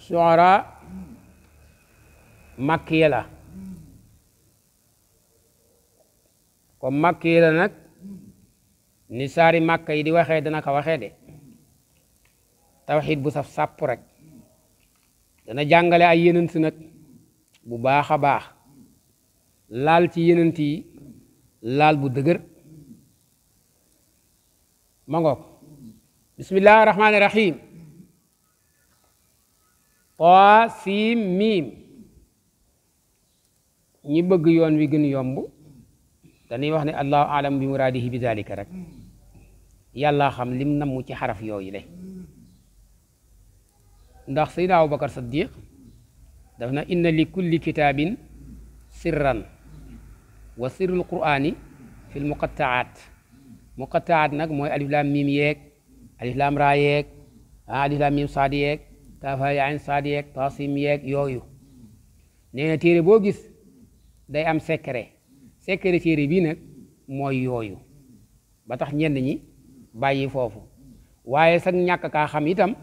suara makkiya la comme makkiya la nag ni saari makka yi di waxee dana ko waxee de tawxiid bu saf sàpp rek dana jàngale ay yenant nag bu baax a baax laal ci yenant yi laal bu dëgër ma bismillahi rahmaani xaa siim miim ñi bëgg yoon wi gën yomb dañuy wax ne allahu alam bi muraadihi bi zalika rek yàlla xam lim namm ci xaraf yooyu le ndax sayda abubakar saddiq daf na inna li kulli kitaabin sirran wa sirrul qur'ani fil muqattaat nag mooy alif miim yeeg alif laam raa ah, miim saad yeeg taafa yaayin saad yeeg taasim yeeg yooyu nee na téere boo gis day am secret secret téere bii nag mooy yooyu ba tax ñenn ñi bàyyi foofu waaye sag ñàkk kaa xam itam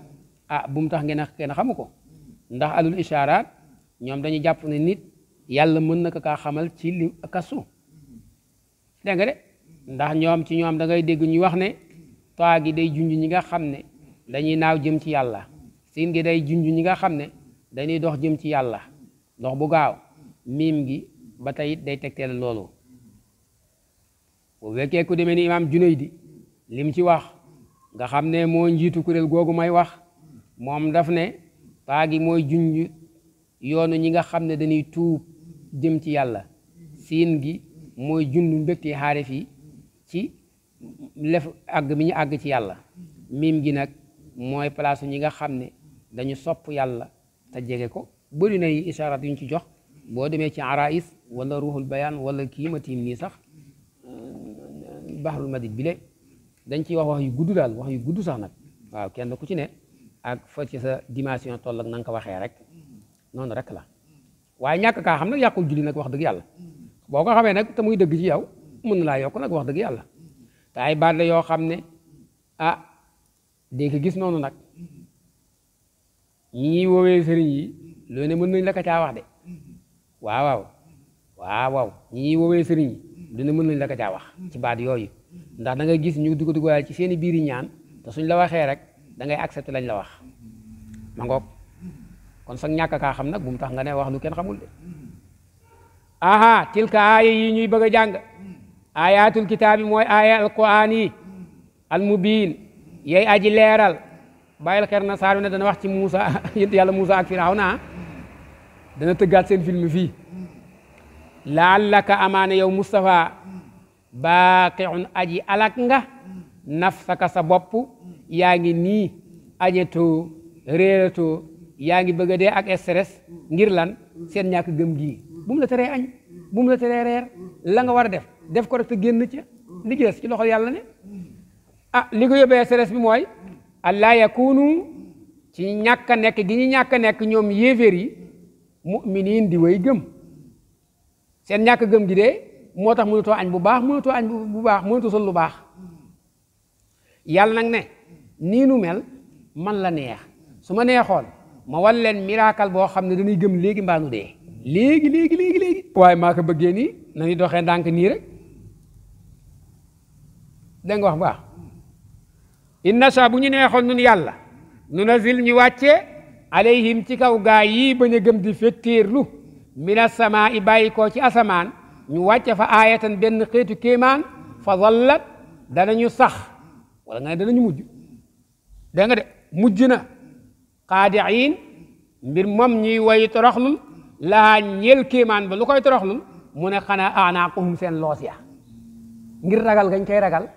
ah bu mu tax ngeen a xamu ko ndax alul ishaaraat ñoom dañu jàpp ne nit yàlla mën na ko kaa xamal ci li kasu dégg nga de ndax ñoom ci ñoom dangay dégg ñu wax ne toit gi day junj ñi nga xam ne dañuy naaw jëm ci yàlla siin gi day junj ñi nga xam ne dañuy dox jëm ci yàlla dox bu gaaw miim gi ba tey day tegteel loolu bu fekkee ku demee ni imaam Junaydi lim ci wax nga xam ne moo njiitu kuréel googu may wax moom daf ne paa gi mooy junj yoonu ñi nga xam ne dañuy tuub jëm ci yàlla siin gi mooy junj mbégte xaarif yi ci lef àgg bi ñu àgg ci yàlla miim gi nag mooy palaasu ñi nga xam ne dañu sopp yàlla te jege ko bëri na yi isaarat ci jox boo demee ci arais araïs wala ruuxul bayaan wala kiimatim nii sax euh, baxrul madid bi le dañ ciy wax wax yu gudd daal wax yu gudd sax nag waaw kenn ku ci ne ak fa ci sa dimension toll ak na ko waxee rek noonu rek la waaye ñàkk kaa xam nag yàqul juli nag wax dëgg yàlla boo ko xamee nag te muy dëgg ci yow mën na laa yokk nag wax dëgg yàlla te ay baat yoo xam ne ah dégg gis noonu nag ñii woowee sëriñ yi loo ne mën nañ la ko caa wax de waaw waaw waaw waaw ñii yi lu ne mën nañ la ko wax ci baat yooyu ndax da gis ñu dugg duggaale ci seen i biir ñaan te suñ la waxee rek da ngay lañ la wax ma kon sax ñàkk kaa xam nag bu mu tax nga ne wax lu kenn xamul de aha tilka aaya yi ñuy bëgg a jàng ayatul kitaabi mooy aaya alquran yi almubin yay aji leeral bàyyil xel na saar wi ne dana wax ci Moussa yént yàlla Moussa ak Firawna dana tëggaat seen film fii laallaka amaane yow Moustapha baaqiun aji alak nga nafsaka sa boppu yaa ngi nii añetoo réeratoo yaa ngi bëgg a dee ak stress ngir lan seen ñàkk gëm gii bu mu la teree añ bu mu la teree reer la nga war a def def ko rek te génn ca li ci des ci loxo yàlla ne ah li ko yóbbee stress bi mooy allah yakunu ci ñàkk a nekk gi ñu ñàkk a nekk ñoom yéeféer yi mu'miniin di way gëm seen ñàkk gëm gi de moo tax mënutoo añ bu baax mënutoo añ bu baax mënutoo sol lu baax yàlla nag ne nii nu mel man la neex su ma neexoon ma wan leen miracle boo xam ne dañuy gëm léegi mbaa nu dee léegi léegi léegi léegi waaye maa ko bëggee nii nañu doxee ndànk nii rek dégg wax baax inna sa bu ñu neexoon nun yàlla nu nazil ñu wàccee alayhim ci kaw gaa yii bañ a gëm di lu mina samaa i bàyyi koo ci asamaan ñu wàcce fa aayatan benn xeetu kéemaan fa zallat danañu sax wala nga ne danañu mujj da de mujj na xaadiin mbir moom ñuy woy toroxlul laa ñeel kéemaan ba lu koy toroxlul mu ne xanaa aanaaquhum seen loos ya ngir ragal gañ koy ragal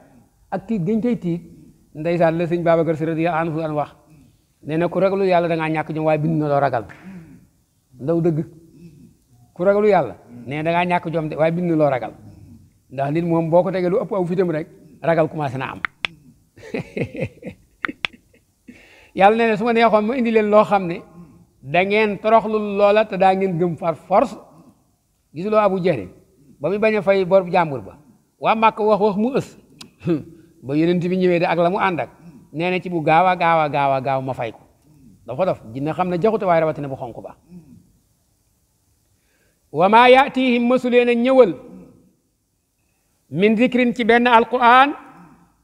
ak tiit gañ koy tiit ndeysaan la sëñ Babacar Si radiyallaahu anhu daan wax nee na ku ragalu yàlla da ngaa ñàkk jom waaye bind loo ragal dëgg ku ragalu yàlla nee da ngaa ñàkk jom de waaye ragal ndax nit moom boo ko tegee lu ëpp aw fitam rek ragal commencé na am yàlla nee na su ma neexoon ma leen loo xam ne da ngeen toroxlu loola te daa ngeen gëm far force gisuloo Abu Jahl ba muy bañ a fay bor jàmbur ba waa Màkka wax wax mu ës ba ti bi ñëwee de ak la mu ànd ak nee na ci bu gaaw a gaaw a gaaw a gaaw ma fay ko dafa dof jinne xam na jaxute bu xonk ba wa maa yaatihim masuleen a ñëwal min dikrin ci benn alquran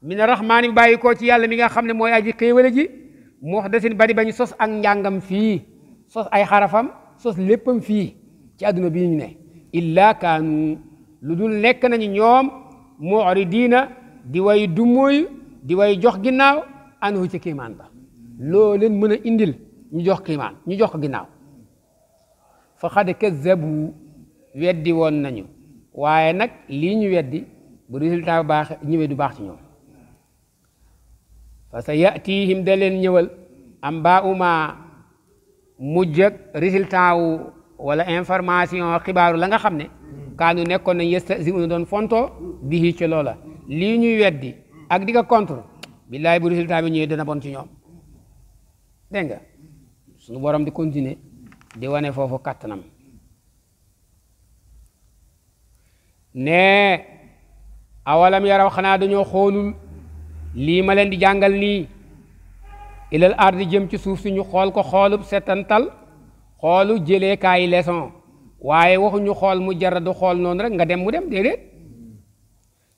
min rahmaani bi bàyyi koo ci yàlla mi nga xam ne mooy aji xéewale ji muhdasin bari bañ sos ak njàngam fii sos ay xarafam sos léppam fii ci àdduna bi ñu ne illa kaanu lu dul nekk nañu ñoom mu'ridiina di way du di way jox ginnaaw anhu ci kiimaan ba loo leen mën a indil ñu jox kiimaan ñu jox ko ginnaaw fa xad kazzabu woon nañu waaye nag lii ñu weddi bu baax ñëwee du baax ci ñoom fa sa yatihim da leen ñëwal am ba uma mujj ak résultat wu wala information xibaaru la nga xam ne kaanu nekkoon nañ yestasi una doon fonto bihi ci loola lii ñuy weddi ak di contre billaay bu résultat bi ñëwee dana bon ci ñoom dégg nga suñu borom di continuer di wane foofu kàttanam ne awalam yaraw xanaa dañoo xoolul lii ma leen di jàngal nii ilal ardi jëm ci suuf si ñu xool ko xoolub setantal xoolu jëlee kaay leçon waaye waxuñu xool mu jaradu xool noonu rek nga dem mu dem déedéet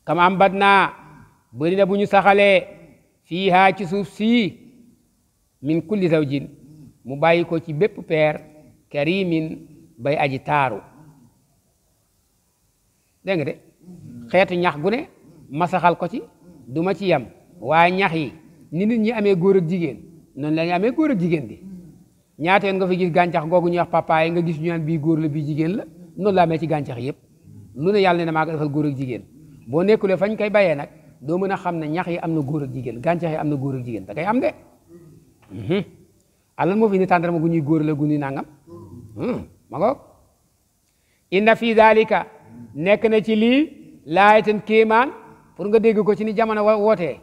kam ambat naa bëri bu ñu saxalee fiihaa ci suuf sii min kulli zawjin mu bàyyi ko ci bépp peer karimin bay aji taaru dégg nga de xeetu ñax gu ne ma saxal ko ci du ma ci yem waaye ñax yi ni nit ñi amee góor ak jigéen noonu la ñu amee góor jigéen gi nga fi gis gàncax googu ñuy wax papaay nga gis ñu naan bii góor la bii jigéen la noonu la amee ci gàncax yëpp lu ne yàlla ne na maa ko defal góor ak jigéen boo nekkulee fañ koy bayee nag doo mën a xam ne ñax yi am na góor ak jigéen gàncax yi am na góor jigéen da koy am de mhm. alal ah, moo fi ni tàndarma gu ñuy góor la gu ñuy nangam hmm, ma ngoog inna fi dalika nekk na ci lii laayatan kéemaan pour nga dégg ko ci ni jamono wootee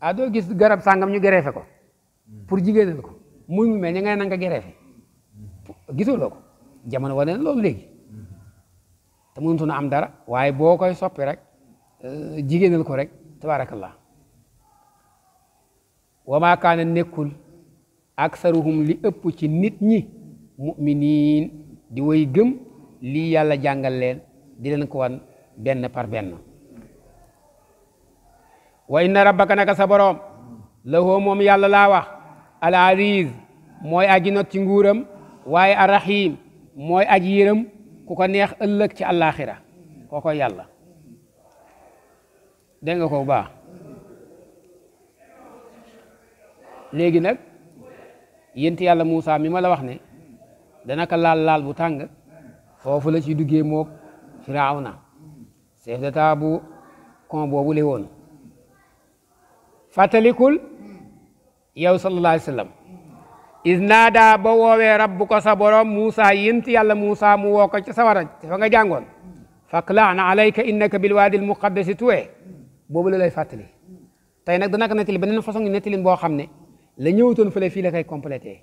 ah gis garab sàngam ñu gereefe ko pour jigéenal ko muy mu mel ni nga ne nga gereefe gisuloo ko jamono wane na loolu léegi te mënutu na am dara waaye boo koy soppi rek Euh, jigéenal ko rek tabaarakallah wa maa kaana nekkul aksaruhum li ëpp ci nit ñi muminin di way gëm lii yàlla jàngal leen di leen ko wan benn par benn wa inna rabbaka naka sa boroom lahoo moom yàlla laa wax al aziz mooy aji not ci nguuram waaye arrahim mooy aji yërëm ku ko neex ëllëg ci àllaaxira kooko yàlla dégg nga ko bu baax léegi nag yent yàlla Moussa mi ma la wax ne dana ko laal laal bu tàng foofu la ci duggee mook Firawna chef d'état bu kon boobu le woon fàttalikul yow sallallahu alayhi wa sallam isnaada ba woowee rabbu ko sa borom Moussa yent yàlla Moussa mu woo ko ci sawara fa nga jàngoon faqla'na alayka innaka bilwaadil muqaddasi tuwee boobu la lay fàttali tey nag dana ko nettali beneen façon nettalin boo xam ne la ñëwutoon fële fii la koy complété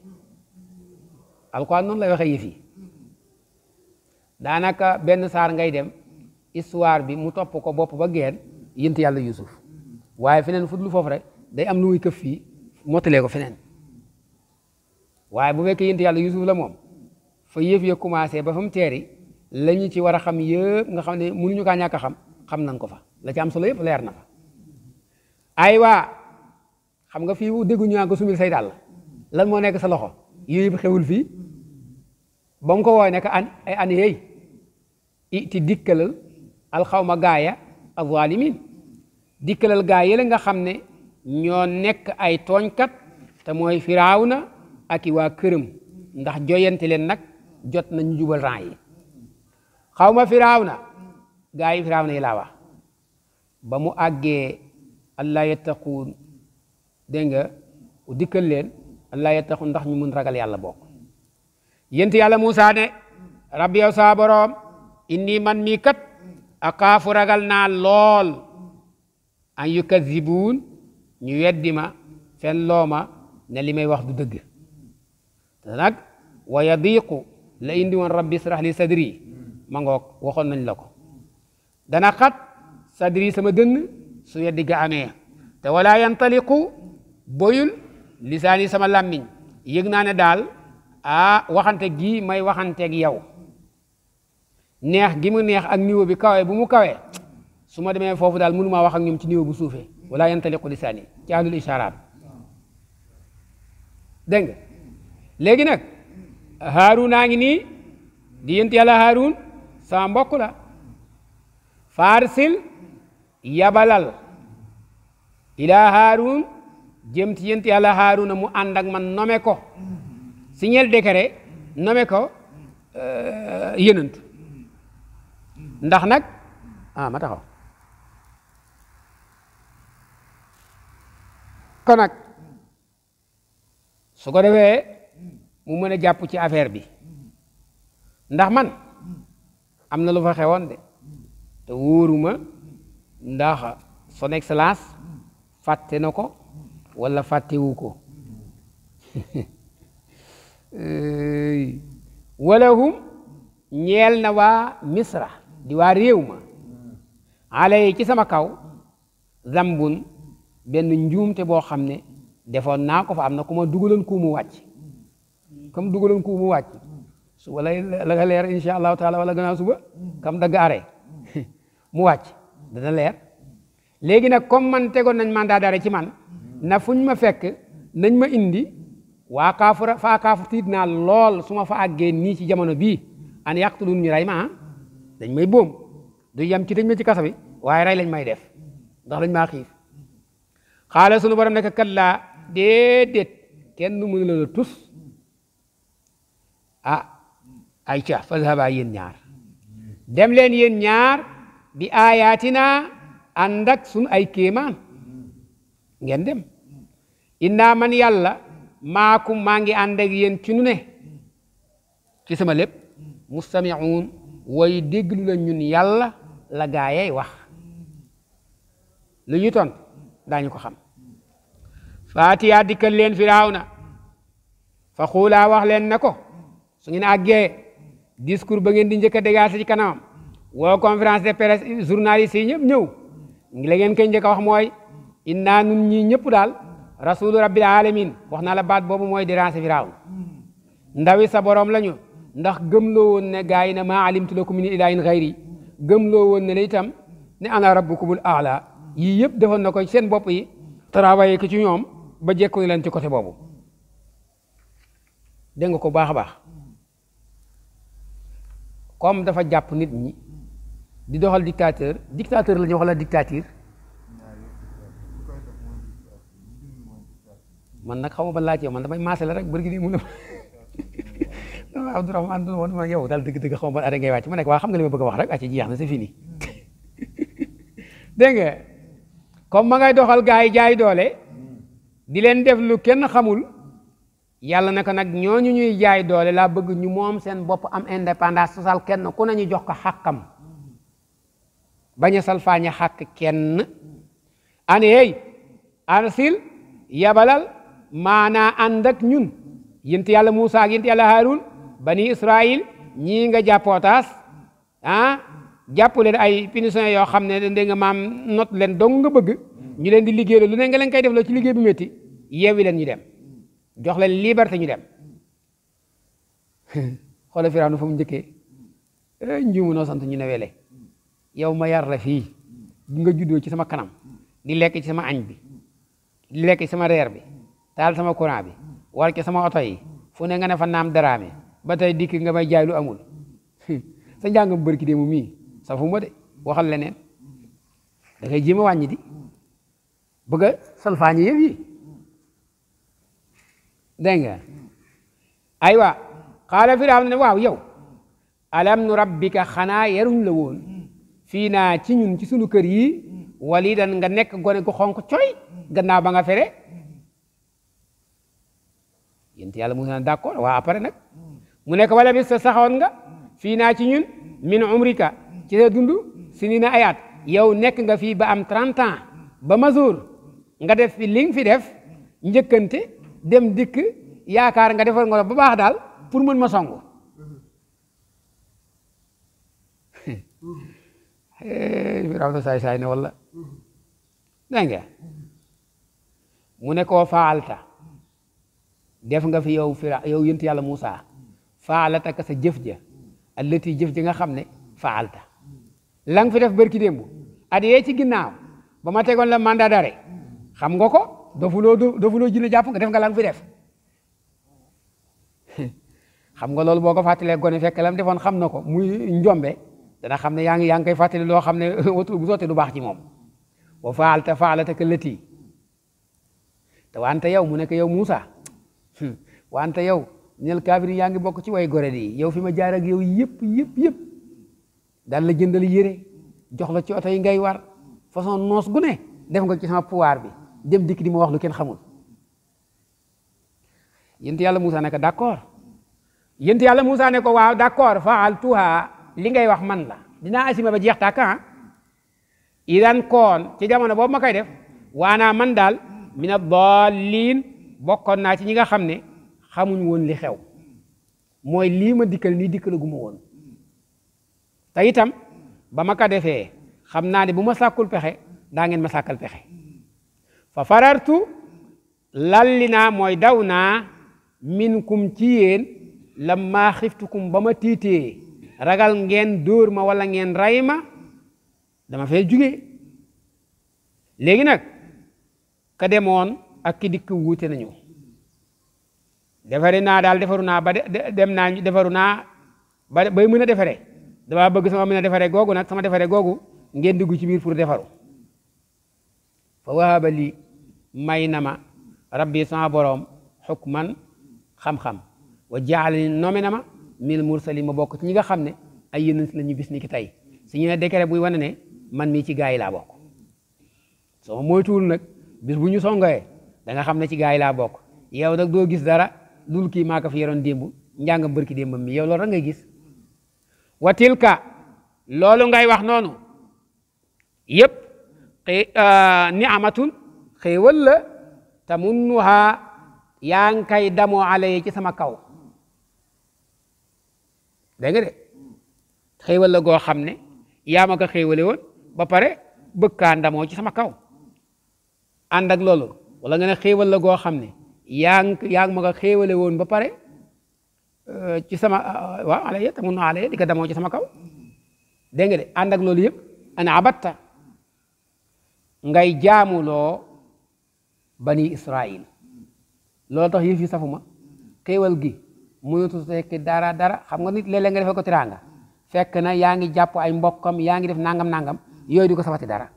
alquran noonu lay waxee yëf yi daanaka benn saar ngay dem histoire bi mu topp ko bopp ba geen yënt yàlla yusuf waaye feneen fudlu foofu rek day am lu muy këf fii mottalee ko feneen waaye bu fekkee yënt yàlla yusuf la moom fa yëf ya commencé ba fa mu teeri la ñu ci war a xam yëpp nga xam ne mënuñu kaa ñàkk a xam xam nañ ko fa la ci solo yëpp leer na fa ay waa xam nga fii déggu ñu ko sumil say dàll lan moo nekk sa loxo yooyu yëpp xewul fii ba mu ko wooy nekk an ay an yey iti dikkalal alxawma gaaya azalimin dikkalal gaa yële nga xam ne ñoo nekk ay tooñkat te mooy firawna ak i waa këram ndax joyante leen nag jot nañu jubal rang yi xawma firawna gaa yi firawna yi laa wax ba mu àggee allah yattaquun dégg nga dikkal leen allah yattaquun ndax ñu mun ragal yàlla bokk yént yàlla Moussa ne rabbi yow saa inni man mii kat akaafu ragal naa lool an yukazibuun ñu weddi ma fen looma ma ne li may wax du dëgg nag wa yadiqu la indi woon rabbi israh sadri ma ngoog waxoon nañ la ko sadri sama dënn su weddi ga amee te wala yantaliqu boyul lisaani sama làmmiñ yëg naa ne daal ah waxante gii may waxanteeg yow neex gi mu neex ak niveau bi kawe bu mu kawe su ma demee foofu daal mënumaa wax ak ñoom ci niveau bu suufee wala yantaliqu lisaani ci àllul isharaat dégg nga léegi nag Haarun naa ngi nii di yent yàlla Haarun sama mbokk la farsil yabalal ilaa haarun jëm ci yent yàlla haaruna mu ànd ak man nome ko signel décret nome ko euh, yenantu ndax nag ah ma ko nag su ko defee mu mën a jàpp ci affaire bi ndax man am na lu fa xewoon de te wóoruma ndax son excellence fàtte na ko wala fàttewu ko walahum ñeel na waa misra di waa réew ma alay ci sama kaw zambun benn njuumte boo xam ne defoon naa ko fa am na ku ma dugaloon ku mu wàcc comme dugaloon ku mu wàcc su wala la leer insha allahu taala wala gannaaw suba kam dagg are mu wàcc dana leer léegi nag comme man tegoon nañ mandat d'arrêt ci man na fuñ ma fekk nañ ma indi waa kaafura faa kaafu tiit naa lool su ma fa àggee nii ci jamono bii an yàqtulun ñu rey ma ah dañ may boom du yem ci dañ ma ci kasa bi waaye rey lañ may def ndax dañ maa xiif xaala sunu borom nekk kat laa déedéet kenn mënu la la tus ah ayca fa zahaba yéen ñaar dem leen yéen ñaar bi ayatina ànd ak sunu ay kéemaan ngeen dem inna man yàlla maakum maa ngi ànd ak yéen ci nu ne ci sama lépp mustami'un way déglu la ñun yàlla la gaayay wax lu ñu ton daañu ko xam faatiya dikkal leen firawna fa xuulaa wax leen na ko su ngeen àggee discours ba ngeen di njëkk a dégaase ci kanamam woo conférence de presse journalistes yi ñëpp ñëw ngi la ngeen koy njëkk a wax mooy innaa nun ñii ñëpp daal rasulu rabbil alamin wax naa la baat boobu mooy déranger Firawna ndawi sa borom lañu ndax gëmloo woon ne gaa yi ne maa alimtu lakum min ilaahin xayri gëmloo woon ne la itam ne ana rabbukumul aala yii yëpp defoon na ko seen bopp yi travaillé ko ci ñoom ba jekku leen ci côté boobu dégg nga ko baax a baax comme dafa jàpp nit ñi di doxal dictateur dictateur la ñuy wax la dictature man nag xaw ma ban laajte man damay maase la rek bërgi nii mu ne ma Abdourahmane du woon ma yow daal dëgg-dëgg xaw ma ban arrêt ngay wàcc ma nekk waa xam nga li ma bëgg a wax rek acca jeex na c'est fini dégg nga comme ma ngay doxal gaa yi jaay doole di leen def lu kenn xamul yàlla naka nag ñoo ñu ñuy jaay doole laa bëgg ñu moom seen bopp am indépendance sosal kenn ku nañu jox ko xàqam bañ a salfaañe xàkk kenn ane hey arsil yabalal maanaa ànd ak ñun yent yàlla Muusa ak yent yàlla Haarun bani Israil ñii nga jàppootaas ah jàpp leen ay punition yoo xam ne da nga maam not leen dong nga bëgg ñu leen di liggéey lu ne nga leen koy def la ci liggéey bu métti yeewi leen ñu dem jox leen liberté ñu dem xoolal Firawna fa mu njëkkee eh, njuumu noo sant ñu newele yow ma yar la fii nga juddoo ci sama kanam di lekk ci sama añ bi di lekk ci sama reer bi taal sama courant bi war ci sama oto yi fu ne nga ne fa naam daraame ba tey dikk nga may jaay lu amul sa njàngam bërki dee mu mii safuma de waxal leneen da ngay jéem a wàññi di bëgg a faa yëf yi dégg nga aywa xaala firaam ne waaw yow alam nu rabbika xanaa yaruñ la woon fii naa ci ñun ci sunu kër yi walidan nga nekk gone gu xonq coy gannaaw ba nga fere yéen yàlla mu naan d'accord waa après nag mu nekk wala bis sa saxoon nga fii naa ci ñun min umrika ci sa dund si ni na ayaat yow nekk nga fii ba am trent ans ba masoor nga def fi li nga fi def njëkkante dem dikk yaakaar nga defar nga ba baax daal pour mën ma songu Firawna saay saay na wala dégg nga mu ne koo faalta def nga fi yow fira yow yënt yàlla Moussa faalata ka sa jëf ja allati jëf ji nga xam ne faalta la fi def barki démb at yee ci ginnaaw ba ma tegoon la mandat d'arrêt xam nga ko dofuloo dofuloo ji ne jàpp nga def nga la nga fi def xam nga loolu boo ko fàttalee gone fekk lam defoon xam na ko muy njombe dana xam ne yaa ngi yaa ngi koy fàttali loo xam ne watul bu sottee du baax ci ta wa ta faalataka lati te wante yow mu nekk yow Moussa hmm. wante yow ñel kaafir yaa ngi bokk ci way gore di yow fi ma jaar ak yow yëpp yëpp yëpp daal la jëndal yére jox la ci oto yi ngay war façon noos gune ne def nga ci sama pouvoir bi dem dikk di ma wax lu kenn xamul yent yàlla Moussa ne ko d'accord yent yàlla Moussa ne ko waaw d'accord faaltuha li ngay wax man la dinaa assumer ba jeex tàkk ah idan koon ci jamono boobu ma koy def waanaa man daal mina dallin bokkoon naa ci ñi nga xam ne xamuñ woon li xew mooy lii ma dikkal nii dikkalagu ma woon te itam ba ma ko defee xam naa ne bu ma sàkkul pexe daa ma sàkkal pexe fa farartu lalli naa mooy daw naa minkum ci yéen lammaa xiftukum ba ma tiitee ragal ngeen dóor ma wala ngeen ray ma dama fee jugee léegi nag ka demoon ak ki dikk wuute nañu defari naa daal defaru naa ba dem naa defaru naa ba bay mën a defare dama bëgg sama mën a defare googu nag sama defare googu ngeen dugg ci biir pour defaru fa wahaba li may na ma rabbi sama boroom xukman xam-xam wa jaalani noome na ma minal mursali ma bokk ci ñi nga xam ne ay yonent la ñu bis ni ki tey su ñu ne décret wane ne man mii ci gaa yi laa bokk soo moytuwul nag bis bu ñu songoyee da nga xam ne ci gaa yi laa bokk yow nag doo gis dara dul kii maa ko fi yoroon démb njàngam bërki démbam mi yow loolu ngay gis wa tilka loolu ngay wax noonu yëpp euh, ni'matun xéewal la tamunnuha yaa ngi koy damoo alay ci sama kaw dégg de xéewal la goo xam ne yaa ma ko xéewale woon ba pare bëgg kaa ndamoo ci sama kaw ànd ak loolu wala nga ne xéewal la goo xam ne yaa ngi yaa ngi ma ko woon ba pare euh, ci sama euh, waaw alaya te mun na alaya di ko damoo ci sama kaw dégg nga de ànd ak loolu yëpp ana abatta ngay jaamuloo bani israil loolu tax yëf yi safuma xéewal gi mënatu tekki dara dara xam nga nit léeg nga defee ko tiraanga fekk na yaa ngi jàpp ay mbokkam yaa ngi def nangam nangam yooyu di ko sabati dara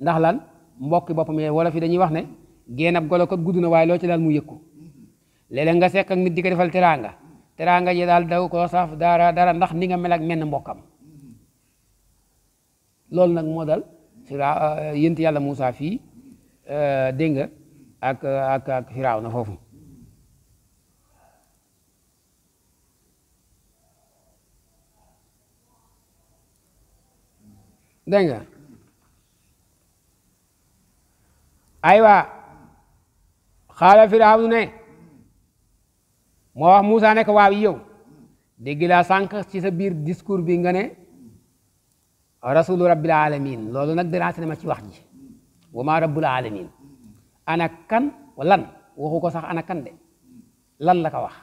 ndax lan mbokki boppam yee wala fi dañuy wax ne génn ab golo ko gudd na waaye loo ci daal mu yëg ko nga sekk ak nit di ko defal tiraanga teraanga ji daal daw koo saf dara dara ndax ni nga mel ak menn mbokkam loolu nag moo dal fira euh, yént yàlla muusa fii euh, dégg nga ak ak ak Firawna foofu dégg nga aywa xaala firawnu moo wax Moussa ne ko waaw yow dégg laa sànq ci sa biir discours bi nga ne rasulu rabbil alamin loolu nag dérangé na ma ci wax ji wa ma alamin ana kan lan waxu ko sax ana kan de lan la ko wax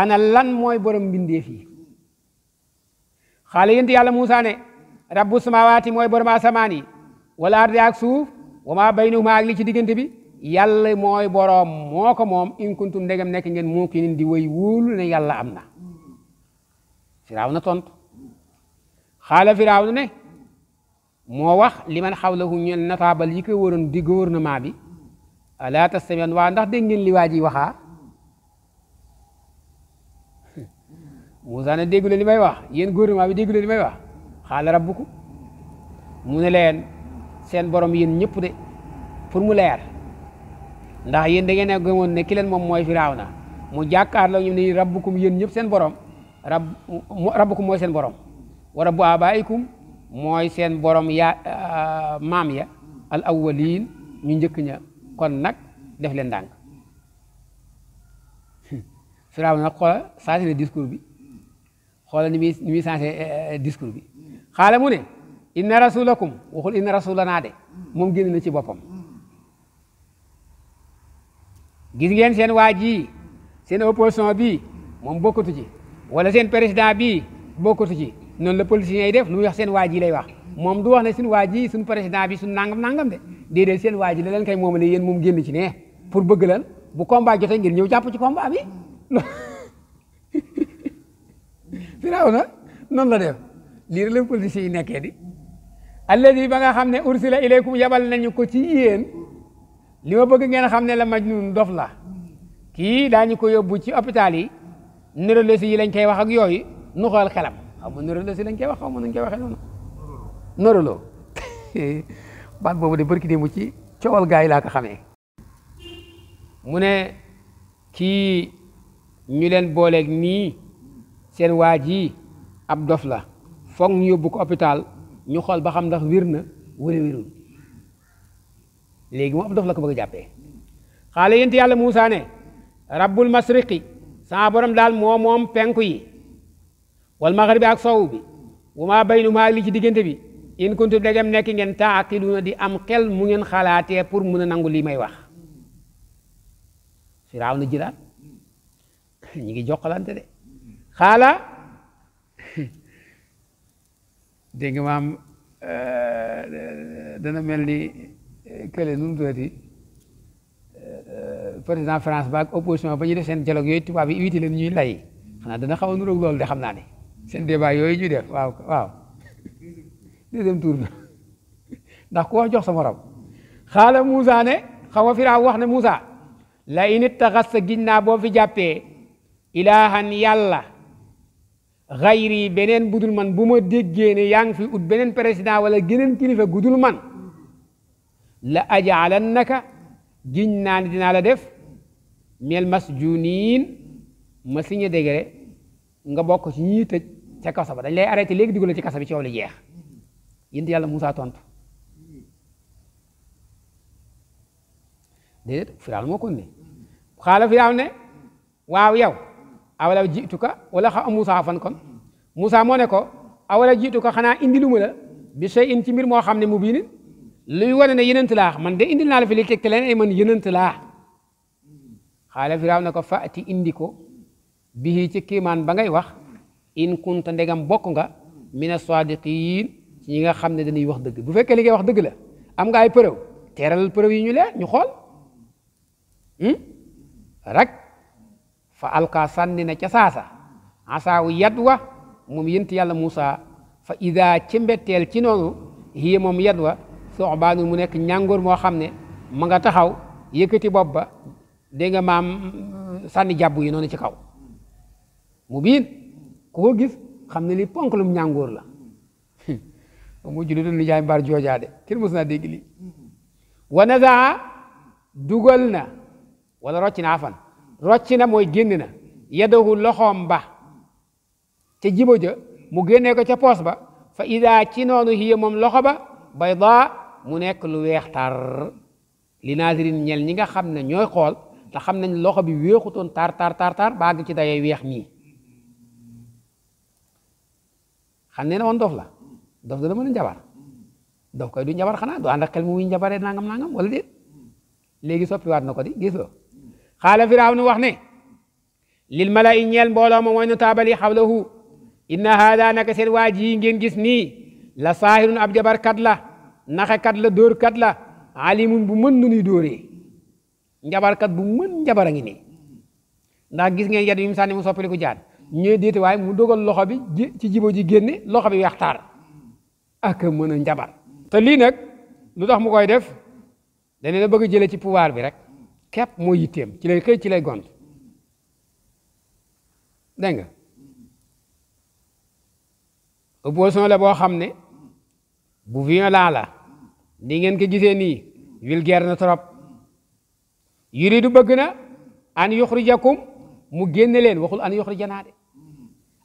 ana lan mooy borom mbindeef yi xaala yént yàlla Moussa ne rabbu samawaati mooy borom asamaan yi wala ardi ak suuf wa maa ma ak li ci diggante bi yàlla mooy borom moo moom in kuntum ndegam nekk ngeen muqinin di way wóolu ne yàlla am na firawna tontu xaala firawna ne moo wax li man xawlahu ñel nataabal yi ko waroon di gouvernement bi alaa tastami'uun waa ndax dégg ngeen li waa ji waxaa Moussa ne déggu leen li may wax yéen gouvernement bi déggu leen li xaala rabbukum mu ne leen seen borom yéen ñëpp de pour mu leer ndax yéen da ngeen a gëmoon ne kileen moom mooy Firawna mu jàkkaarloo ñu ne rabbukum yéen ñëpp seen borom rab rabbukum mooy seen borom wa rabbu abaayikum mooy seen borom yaa euh, maam ya al awwaliin ñu njëkk ña kon nag def leen ndànk Firawna nag xoola changé na discours bi xoola ni muy ni muy changé euh, bi xaala mu ne inna rasulakum waxul inna rasulanaa de moom génn na ci boppam gis ngeen seen waa ji seen opposition bi moom bokkatu ci wala seen président bi bokkatu ci noonu la politiciens yi def lu muy wax seen waa ji lay wax moom du wax ne suñu waa ji suñu président bi suñu nangam nangam de déedéet seen waa ji la leen kay moomale yéen moom génn ci ne pour bëgg lan bu combat jotee ngir ñëw jàpp ci combat bi Firawna noonu la def lii leen politiciens yi nekkee di alladi ba nga xam ne ursila ilaykum yabal nañu ko ci yéen li ma bëgg ngeen xam ne la majnun dof la kii daañu ko yóbbu ci hôpital yi neurologie yi lañ koy wax ak yooyu nu xool xelam xaw ma neurologie lañ koy wax xaw ma nuñ koy waxee noonu neurologue boobu de barki démb ci coowal gaa yi laa ko xamee mu ne kii ñu leen booleeg nii seen waa ji ab dof la foog ñu yóbbu ko hôpital ñu xool ba xam ndax wér na wala wérul léegi moom ab dof la ko bëgg a jàppee xaale yent yàlla Muusaa ne rabbul masriqi sama borom daal moo moom penku yi wal maxaribi ak sow bi wa maa baynumaa li ci diggante bi in kuntum degem nekk ngeen taaqiluuna di am xel mu ngeen xalaatee pour mun a nangu lii may wax firaaw na jëlaat ñi ngi jokkalante de xaala dégg nga maam euh, dana mel ni euh, kële nu mu tuddati euh, France ba ak opposition ba ñu def seen dialogue yooyu tubaab yi invité leen ñuy lay xanaa dana xaw a nuróog loolu de xam naa ne seen débat yooyu ñu def waaw waaw deuxième tour bi ndax ku jox sa morom xaala Moussa ne xaw ma Firaaw wax ne Moussa la init taxas sa giñ naa boo fi jàppee ilaahan yàlla xayri beneen budul man bu ma déggee ne ngi fi ut beneen président wala geneen kilifa gudul man la ajalannaka giñ naa ne dinaa la def mel masjuniin ma signé dégré nga bokk ci ñiy tëj ca kaso ba dañ lay arrêté léegi dugal ci kaso bi coow li jeex yéen yàlla Moussa tontu déedéet Firaaw moo ko ne xaala Firaaw ne waaw yow. awala jituka wala xa Moussa fan kon Moussa moo ne ko awala jituka xanaa indiluma la bi shay'in ci mbir moo xam ne mu biinin luy wane ne yenant laa man de indil naa la fi li tegte leen ay man yenant laa xaala firaaw na ko faati indi ko bihi ci kiimaan ba ngay wax in kunta ndegam bokk nga mina sadiqiin ci ñi nga xam ne dañuy wax dëgg bu fekkee li ngay wax dëgg la am nga ay preuve teeral preuve yi ñu leer ñu xool hmm? rek fa alka sànni na ca saasa asaawu yadwa moom yent yàlla Moussa fa ida ci mbetteel ci noonu hiya moom yadwa soxbaanu mu nekk ñàngoor moo xam ne ma nga taxaw yëkkati bopp ba dégg nga maam mm, sanni jàbb yi noonu ci kaw mu biin ko gis xam ne li ponk lum la mu julli dul nijaay mbaar joojaade kenn mos naa dégg lii wa nazaa dugal na wala rocc naa fan rocc na mooy génn na yadahu loxoom ba ca jibo ja mu génnee ko ca poos ba fa ida ci noonu hiya moom loxo ba bayda mu nekk lu weex tar li naasirin ñel ñi nga xam ne ñooy xool te xam nañ loxo bi weexutoon tar tar tar tar baag ci dayee weex nii xam ne na woon dof la dof da la mën a njabar dof koy du njabar xanaa du ànd ak xel mu muy njabaree nangam nangam wala déet léegi soppiwaat na ko di gisoo xaala firawnu wax ne lil mala'i ñeel mbooloo ma mooy nu taabali xawlahu inna haada naka seen waa ji ngeen gis nii la saahirun ab jabarkat la naxekat la dóorkat la alimun bu mën nu nuy dóoree njabarkat bu mën njabara ngi nii ndax gis ngeen yat yi mu sànni mu soppali jaan ñëwee déete waaye mu dogal loxo bi ci jibo ji génne loxo bi waxtaar ak mën a njabar te lii nag lu tax mu koy def da leen a bëgg jële ci pouvoir bi rek képp moo yitteem ci lay xëy ci lay gont dégg nga opposition la boo xam ne bu violent la ni ngeen ko gisee nii vulgaire na trop du bëgg na an yuxrijakum mu génne leen waxul an yuxrijanaa de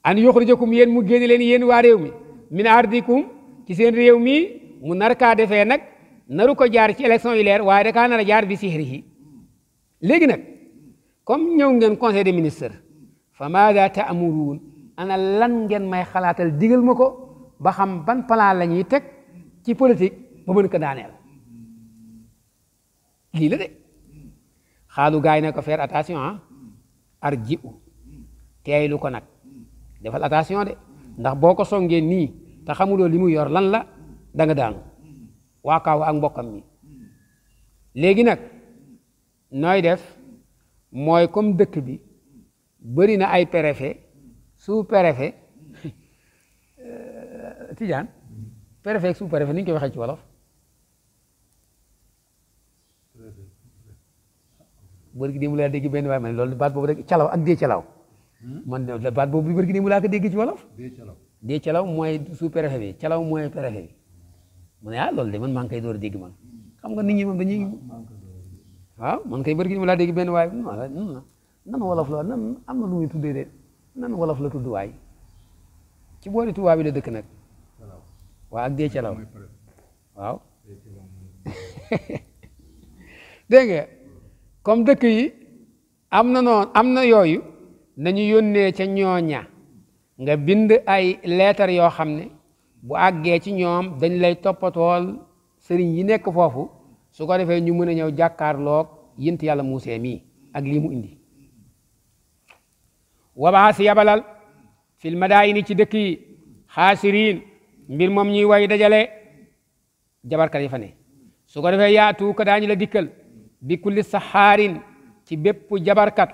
an yuxrijakum yéen mu génne leen yéen waa réew mi min ardikum ci seen réew mi mu nar kaa defee nag naru ko jaar ci élection yi leer waaye dakaa nar a jaar bi sihrihi léegi nag comme ñëw ngeen conseil de ministres fa maada taamuruun ana lan ngeen may xalaatal digal ma ko ba xam ban plan la ñuy teg ci politique ba mën ko daaneel lii la de xaalu gaay na ko faire attention ah arji u teeylu ko nag defal attention de ndax boo ko songee nii te xamuloo li mu yor lan la da nga daanu waakaaw ak mbokkam mi léegi nag nooy def mooy comme dëkk bi bëri na ay préfet sous préfet euh, Tidiane préfet sous préfet ni ñu koy waxee ci wolof bër gi démb laa dégg benn waaye man loolu baat boobu rek calaw ak dee calaw hmm? man baat boobu bër gi démb laa dégg ci wolof dee calaw mooy sous préfet bi calaw mooy préfet bi mu ne ah loolu de man maa ngi koy door a dégg man xam nga waaw man kay bërgi mu laa dégg benn waay nan wolof la nan am na lu muy tuddee de wolof la tudd ci boori tubaab bi la dëkk nag waaw ak dee calaw waaw dégg nga dëkk yi am na noonu am na yooyu nañu yónnee ca ñooña nga bind ay leetar yoo xam ne bu àggee ci ñoom dañ lay toppatool sëriñ yi nekk foofu su ko defee ñu mën a ñëw jàkkaarloog yént yàlla muusee mii ak lii mu indi wabaas yabalal fil ni ci dëkk yi mbir moom ñuy way dajale jabarkat yi fa ne su ko defee yaatu ko daañu la dikkal bi kulli saxaarin ci bépp jabarkat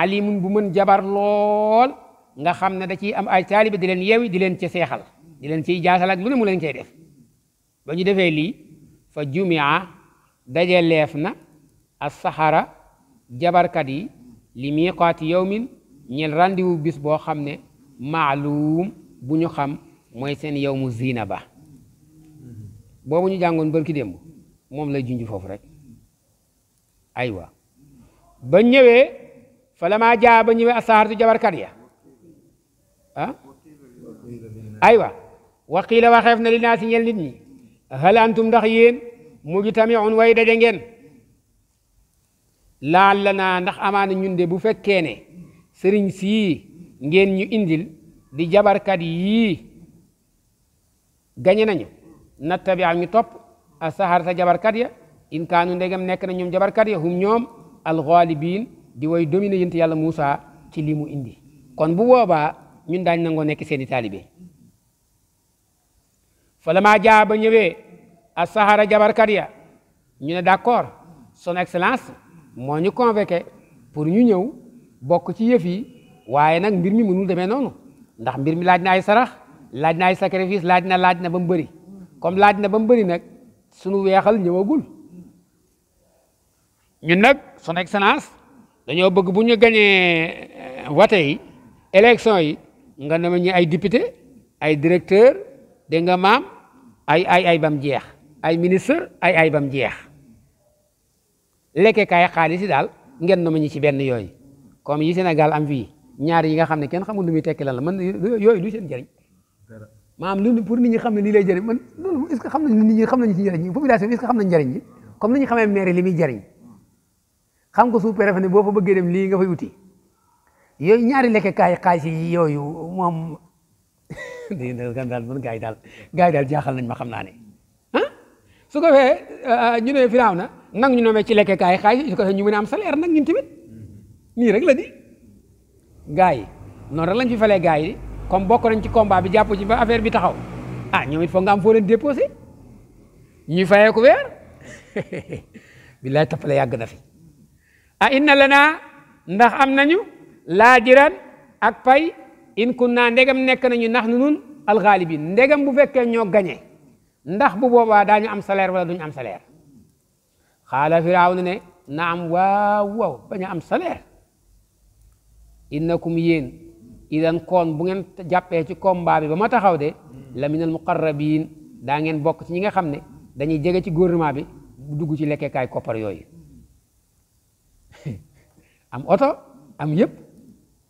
alimun bu mën jabar lool nga xam ne da ciy am ay taalibe di leen yeewi di leen ci seexal di leen ciy jaasal ak lu ne mu leen cay def ba ñu defee lii fa jumia daje leef na as saxara jabarkat yi li miiqaati yawmin ñel rendez-vous bis boo xam ne maaluum bu ñu xam mooy seen yawmu ziina ba boobu ñu jàngoon bërki démb moom la junj foofu rek aywa ba ñëwee fa la ba ñëwee asaharatu jabarkat ya ah aywa waqiila waxeef na li naa si ñel nit ñi hal antum ndax yéen mujtami'un way daje ngeen laal la naa ndax amaana ñun de bu fekkee ne sëriñ sii ngeen ñu indil di jabarkat yii gañe nañu nattabia ñu topp a saxar sa jabarkat ya in kaanu ndegam nekk na ñoom jabarkat ya hum ñoom alxaalibiin di way domine yent yàlla Muusa ci lii mu indi kon bu boobaa ñun daañ nangoo nekk seen taalibe fa la maa jaa ba ñëwee ak saxaara jabarkat ya ñu ne d'accord son excellence moo ñu convoqué pour ñu ñëw bokk ci yëf yi waaye nag mbir mi mënul demee noonu ndax mbir mi laaj na ay sarax laaj na ay sacrifice laaj na laaj na ba mu bëri comme laaj na ba mu bëri nag sunu weexal ñëwagul ñu nag son excellence dañoo bëgg bu ñu gañee wate euh, yi élection yi nga ne ma ñu ay député ay directeur dégg nga maam ay ay ay bam jeex ay ministre ay ay bam jeex lekke kaay xaalis yi daal ngeen na ma ñi ci benn yooyu comme yi senegal am fii ñaar yi nga xam ne kenn xamul lu muy tekki lan la man yooyu du seen jëriñ maanaam loolu pour nit ñi xam ne lii lay jëriñ man loolu est ce que xam nañ nit ñi xam nañ ci njëriñ yi population est ce que xam nañ yi comme ni ñu xamee maire li muy jëriñ xam ko sous-préfet ne boo fa bëggee dem lii nga fay wuti yooyu ñaari lekke kaay xaalis yi yooyu moom daal man gars yi daal gars yi daal jaaxal ma xam naa ne su ko fee euh, ñu ne firaaw na nang ñu noomee ci lekkekaay xaalis su ko ñu mën a am salaire nag ñun tamit nii rek la di gars yi noonu rek lañ fi falee gars yi comme bokk nañ ci combat bi jàpp ci ba affaire bi taxaw ah ñoom it foog am foo leen déposé ñuy fayee ku weer billaay tappale yàgg na fi a inna lana ndax am nañu laajiran ak pay in kun naa ndegam nekk nañu nax nu nun alxaalibin ndegam bu fekkee ñoo gañe ndax bu boobaa daañu am salaire wala duñu am salaire xaala firawna ne naam waaw waaw bañ a am salaire kum yéen idan koon bu ngeen jàppee ci combat bi ba ma taxaw de la minal muqarrabin daa ngeen bokk ci ñi nga xam ne dañuy jege ci gouvernement bi dugg ci lekkekaay koppar yooyu am oto am yëpp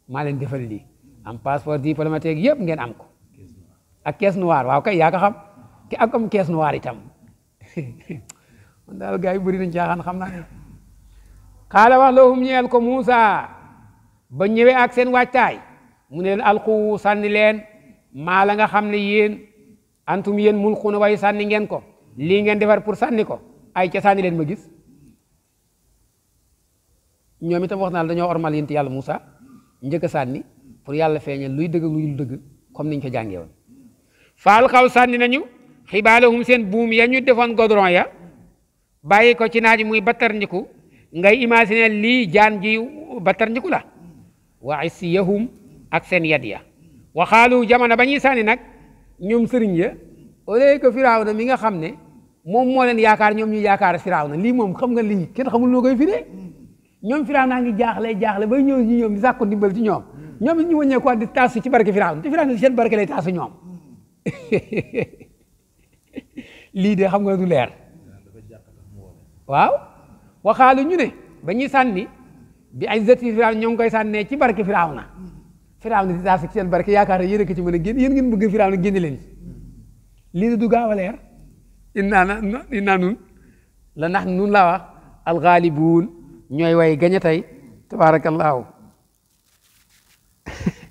maa leen defal lii am passeport diplomatique yëpp ngeen am ko ak caisse noire waaw kay yaa ko xam ak am caisse noire itam man daal gars yi bëri nañ caaxaan xam naa kaala xaala wax lahum ñeel ko Muusa ba ñëwee ak seen waajtaay mu ne leen alqu sànni leen maa la nga xam ne yéen antum yéen mulquuna way sànni ngeen ko lii ngeen defar pour sànni ko ay ca sànni leen ma gis ñoom itam wax naa la dañoo ormal yént yàlla Muusa njëkk a sànni pour yàlla feeñal luy dëgg luy dëgg comme niñ ko jàngee woon faal xaw sànni nañu xibaalahum seen buum ya ñu defoon godron ya bàyyi ko ci naaj muy battarndiku ngay imaginer lii jaan ji battarndiku la wa isiyahum ak sen yad ya waxaalu jamono ba ñuy sànni nag ñoom sëriñ ya au lieu que Firawna mi nga xam ne moom moo leen yaakaar ñoom ñu yaakaar Firawna lii moom xam nga lii kenn xamul noo koy firee ñoom Firawna ngi jaaxle jaaxle bay ñëw ñi ñoom di sàkku ndimbal ci ñoom ñoom it ñu wëññeekuwaat di taasu ci barke Firawna te Firawna seen barke lay taasu ñoom lii de xam nga du leer waaw waxaalu ñu ne ba ñuy sànni bi ay zati firaaw ñoo ngi koy sànnee ci barke firaaw na firaaw na si saa si seen barke yaakaar yéen a ko ci mën a génn yéen ngeen lii du gaaw a leer innaa na innaa nun la nax nun laa wax alxaalibuun ñooy way gañe tey tabaarakallaahu